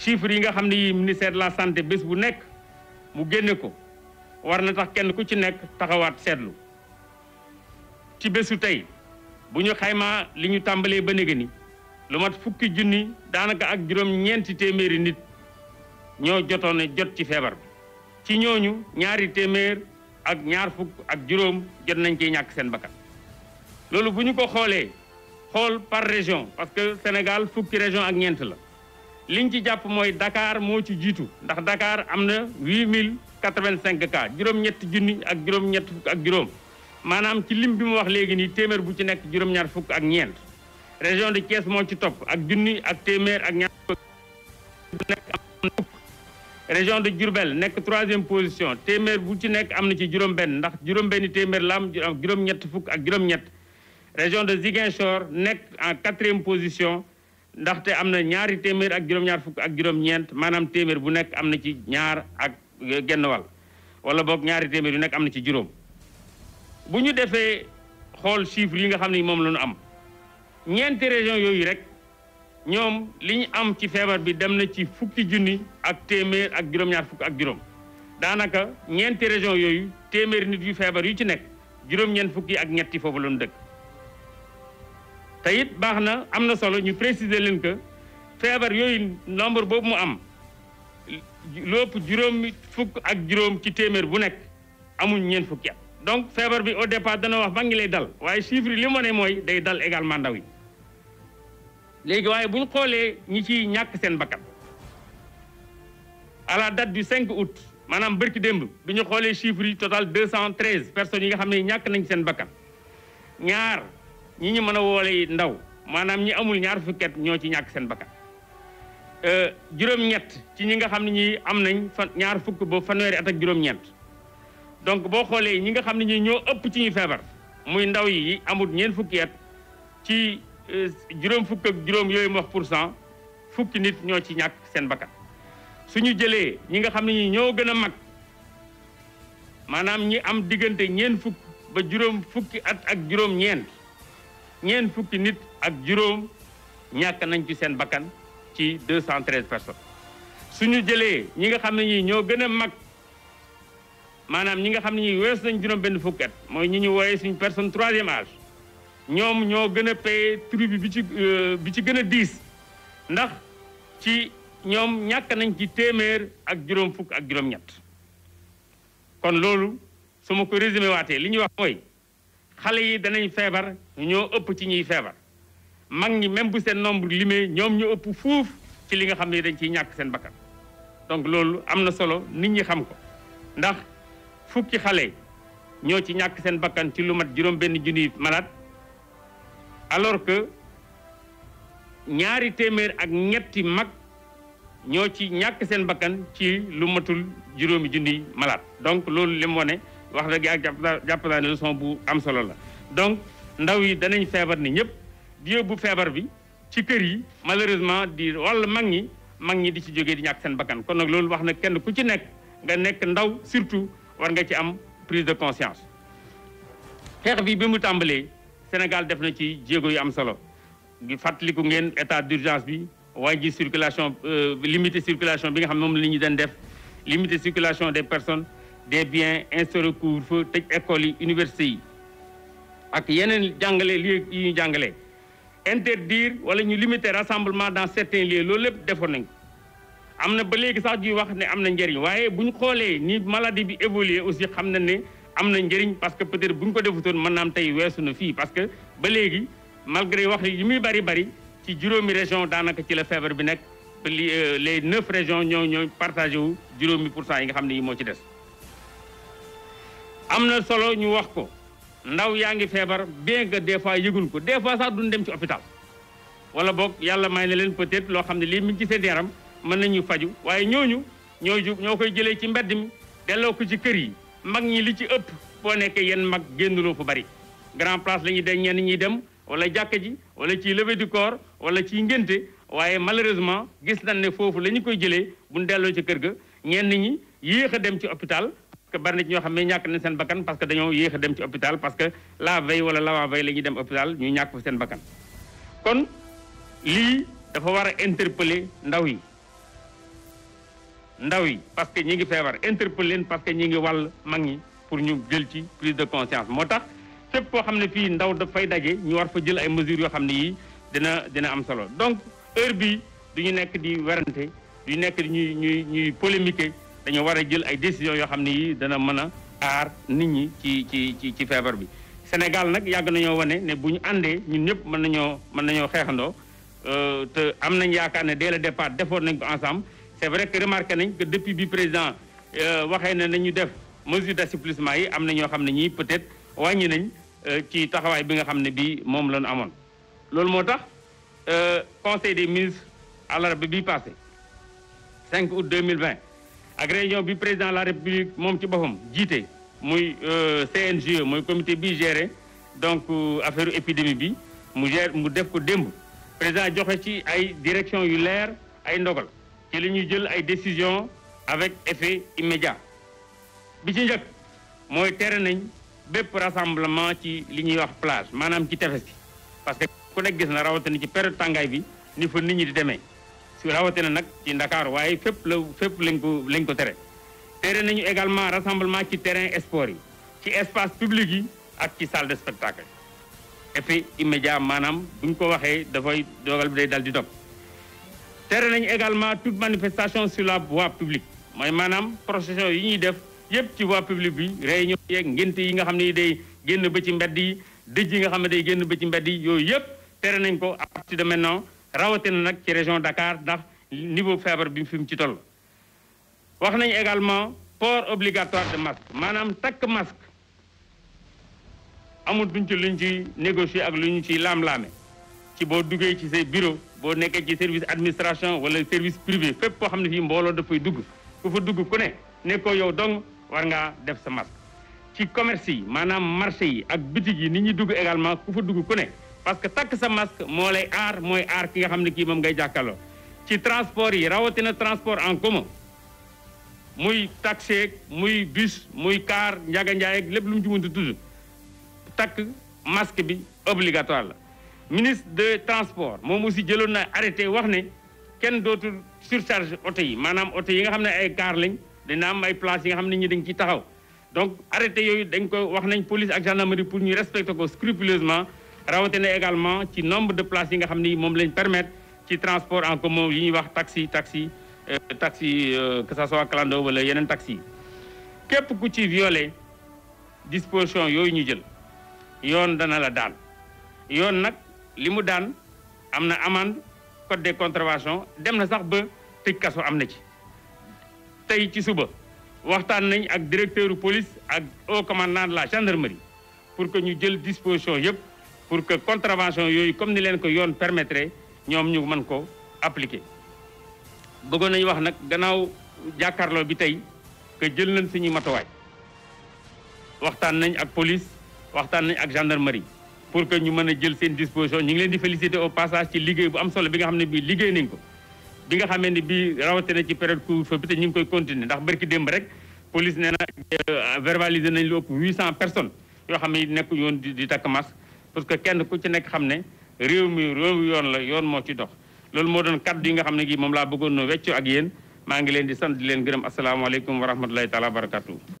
chiffres yi nga xam ne yi ministère de la santé bés bu nekk mu génne ko war na tax kenn ku ci nekk taxawaat seetlu ci bésu tey bu ñu xaymaa li ñu tàmbalee ba néega ni lu mat fukki junni daanaka ak juróom ñeenti téeméeri nit ñoo jotoon jot ci feebar bi ci ñooñu ñaari téeméer ak ñaar fukk ak juróom jot nañ koy ñàkk seen bakkan loolu bu ñu ko xoolee xool par région parce que Sénégal fukki région ak ñeent la liñ ci jàpp mooy dakaar moo ci jiitu ndax dakaar am na huit mille quatre-vingt-cinq cas juróom ak juróom-ñett fukk ak juróom maanaam ci lim bi mu wax léegi nii téeméer bu ci nekk juróom-ñaar fukk ak ñeent région de Thiès moo ci topp ak junni ak téeméer ak ñaar région de Diourbel nekk troisième position téeméer bu ci nekk am na ci juróom-benn ndax juróom benn téeméer la am juróom-ñett fukk ak juróom-ñett région de Ziguinchor nekk en quatrième position ndaxte am na ñaari téeméer ak juróom-ñaar fukk ak juróom-ñeent maanaam téeméer bu nekk am na ci ñaar ak e, genn wal wala boog ñaari téeméer yu nekk am na ci juróom bu ñu defee xool chiffre yi nga xam ne moom la ñu am ñeenti région yooyu rek ñoom li ñu am ci feebar bi dem na ci fukki junni ak téeméer ak juróom-ñaar fukk ak juróom daanaka ñeenti région yooyu téeméer nit yu feebar yu ci nekk juróom-ñeent fukki ak ñetti foofu la ñu dëkk te it baax na am na solo ñu préciser leen que feebar yooyu nombre boobu mu am lépp juróomi fukk ak juróom ci téeméer bu nekk amuñ ñeent fukk at donc feebar bi au départ dana wax ba ngi lay dal waaye chiffre li mu ne mooy day dal également ndaw yi léegi waaye bu xoolee ñi ciy ñàkk seen bakkan à la date du 5 août maanaam bërki démb bi ñu xoolee chiffre yi total 213 personnes yi nga xam ne ñàkk nañ seen bakkan ñaar ñi ñu mën a woole ndaw manam ñi amul ñaar fukki at ñoo ci ñàkk seen bakkan euh, juróom-ñett ci ñi nga xam ne ñi am nañ fan ñaar fukk ba ak juróom donc boo xoolee ñi nga xam ne ñi ñoo ëpp ci ñu feebar muy ndaw yi amul ñeent fukk at ci euh, juróom fukk ak juróom yooyu mu pour cent fukki nit ñoo ci ñàkk seen bakkan suñu jëlee ñi nga xam ne ñi ñoo gën a mag maanaam ñi am diggante ñeent fukk ba juróom fukki at ak juróom-ñeent ñeent fukki nit ak juróom ñàkk nañ ci seen bakkan ci 213 personnes suñu jëlee ñi nga xam ne ñi ñoo gën a mag maanaam ñi nga xam ne ñi wees nañ juróom benn fukki mooy ñi ñu wooyee suñu personne troisième âge ñoom ñoo gën a paye tribu bi ci euh, bi ci gën a diis ndax ci ñoom ñàkk nañ ci téeméer ak juróom fukk ak juróom-ñett kon loolu suma ma ko résumé waatee li ñu wax mooy xale yi danañ feebar ñoo ëpp ci ñuy feebar mag ñi même bu seen nombre limee ñoom ñu ëpp fuuf ci li nga xam ne dañ ciy ñàkk seen bakkan donc loolu am na solo nit ñi xam ko ndax fukki xale ñoo ci ñàkk seen bakkan ci lu mat juróom benn junniy malade téeméer ak ñetti mag ñoo ci ñàkk seen bakkan ci lu matul juróomi junniy malade donc loolu li wane wax dëgg ak jàpp naa ne leçon bu am solo la donc ndaw yi danañ feebar ni ñëpp di yóbbu feebar bi ci kër yi malheureusement di walla mag ñi mag ñi di ci jógee di ñàkk seen bakkan kon nag loolu wax na kenn ku ci nekk nga nekk ndaw surtout war nga ci am prise de conscience xeex bi bi mu tàmbalee Sénégal def na ci jéego yu am solo di fàttaliku ngeen état d'urgence bi waaye ji circulation euh, limité circulation bi nga xam ne moom la ñu den def limité circulation des personnes des biens instauré couvre-feu tëj école yi université yi ak yeneen jàngale lii yu ñu jàngale interdire wala ñu limiter rassemblement dans certains lieux loolu lépp defoon nañ am na ba léegi sax juy wax ne am na njëriñ waaye bu xoolee ni maladie bi évoluer aussi xam na ne am na njëriñ parce que peut-être bu ñu ko defutoon mën naam tey weesu na fii parce que ba léegi malgré wax yi muy bari bari ci juróomi région daanaka ci la feebar bi nekk euh, les neuf régions ñoo ñoo partagé wu juróomi pour cent yi nga xam ne yi moo ci des am na solo ñu wax ko ndaw yaa ngi feebar bien que des fois yëgul ko des fois sax duñ dem ci hôpital wala boog yàlla may na leen peut-être loo xam ne lii mi ngi ci seen yaram mën nañu faju waaye ñooñu ñoo ju ñoo koy jëlee ci mbedd mi delloo ko ci kër yi mag ñi li ci ëpp boo nekkee yenn mag génnuloo fu bari grand place la ñuy dem ñenn ñuy dem wala jàkka ji wala ci levée du corps wala ci ngénte waaye malheureusement gis nañ ne foofu la ñu koy jëlee buñ delloo ci kër ga ñenn ñi yéex a dem ci hôpital que bari na ñoo xam ne ñàkk nañ seen bakkan parce que dañoo yéex a dem ci hôpital parce que la veille wala la veille la ñuy dem hôpital ñu ñàkk fa seen bakkan kon lii dafa war a interpeller ndaw yi ndaw yi parce que ñi ngi feebar interpeller leen parce que ñi ngi wàll mag ñi pour ñu jël ci prise de conscience moo tax fépp koo xam ne fii ndaw daf fay daje ñu war fa jël ay mesures yoo xam ne yii dina dina am solo donc heure bi du ñu nekk di werante du ñu nekk di ñuy ñuy ñuy polémiquer dañoo war a jël ay décisions yoo xam ne yi dana mën a aar nit ñi ci ci ci ci feebar bi. Sénégal nag yàgg nañoo wane ne bu ñu àndee ñun ñëpp mën nañoo mën nañoo xeexandoo euh, te am nañ yaakaar ne dès le départ defoon nañ ko ensemble c'est vrai que remarqué nañ que depuis bi président euh, waxee ne nañu def mesure d'assouplissement yi am na ñoo xam ne ñii peut-être wàññi nañ euh, ci taxawaay bi nga xam ne bii moom lañu amoon. loolu moo tax conseil des ministres àlarba bi passé 5 août 2020. ak réunion bi président de la république moom ci boppam jiite muy euh, CNGE mooy comité bi géré donc euh, affaire épidémie bi mu gère mu def ko démb président joxe ci ay direction yu leer ay ndogal ci li ñuy jël ay décision avec effet immédiat bi ci njëkk mooy tere nañ bépp rassemblement ci li ñuy wax plage maanaam ci tefes gi parce que ku nekk gis na rawatina ci période tàngaay bi ni fa ni ñi di demee su na nag ci Ndakaaru waaye fépp la fépp lañ ko lañ ko tere tere nañu également rassemblement ci terrain sport yi ci espace public yi ak ci salle de spectacle effet immédiat maanaam buñ ko waxee dafay dogal bi day dal di dog tere nañu également toute manifestation sur la voie publique mooy maanaam procession yi ñuy def yëpp ci voie publique bi réunion yeeg ngénte yi nga xam ni day génn bëcci ci mbedd yi dëj yi nga xam ne day génn bëcci ci mbedd yi yooyu yëpp tere nañ ko à partir de maintenant rawatina nag ci région Dakar ndax niveau feebar bi fi mu ci toll. wax nañu également port obligatoire de masque maanaam takk masque amut duñ ci luñ ci négocier ak lu ñu ciy laam-laame ci boo duggee ci say bureau boo nekkee ci service administration wala service privé fépp koo xam ne fii mbooloo dafay dugg ku fa dugg ku ne nekkoo yow dong war ngaa def sa masque. ci commerce yi maanaam marché yi ak bitig yi nit ñuy dugg également ku fa dugg ku ne. parce que takk sa masque moo lay aar mooy aar ki nga xam ne kii moom ngay jàkkaarloo ci transport yi rawatina transport en commun muy taxi muy bus muy car njaga njaay ak lépp lu mu ci mënti toujours takk masque bi obligatoire la ministre de transport moom aussi jëloon na arrêté wax ne kenn dootul surcharge oto yi maanaam oto yi nga xam ne ay car lañ dina am ay place yi nga xam ne ñi dañ ciy taxaw donc arrêté yooyu dañ ko wax nañ police ak gendarmerie pour ñu respecter ko scrupuleusement rawatina également ci nombre de place yi nga xam ni moom lañ permettre ci transport en commun yi ñuy wax taxi taxi euh, taxi euh, que ça soit clando wala yeneen taksi képp ku ci violé disposition yooyu ñu jël yoon dana la daan yoon nag li mu daan am na amende code des contraventions dem na sax ba tëj kaso am na ci tey ci suba waxtaan nañ ak directeur police ak haut commandant de la gendarmerie pour que ñu jël disposition yëpp pour que contravention yooyu comme ni leen ko yoon permettre ñoom ñu mën ko appliquer. bëggoon nañu wax nag gannaaw jàkkaarloo bi tey que jël nañ ñu matuwaay waxtaan nañ ak police waxtaan nañ ak gendarmerie pour que ñu mën a jël seen disposition ñu ngi leen di féliciter au passage ci liggéey bu am solo bi nga xam ne bii liggéey nañ ko. bi nga xamee ne bii rawatina ci période couvre-feu te ñu ngi koy continuer ndax barki démb rek police nee na euh, verbaliser nañ cent personnes yoo xam ne nekk yoon di di takk masque parce que kenn ku ci nekk xam ne réew mi réew yoon la yoon moo ci dox loolu moo doon kàddu yi nga xam ne gi moom laa bëggoon no weccu ak yéen maa ngi leen di sant di leen gërëm asalaamaaleykum wa rahmatulahi taala wa barakatu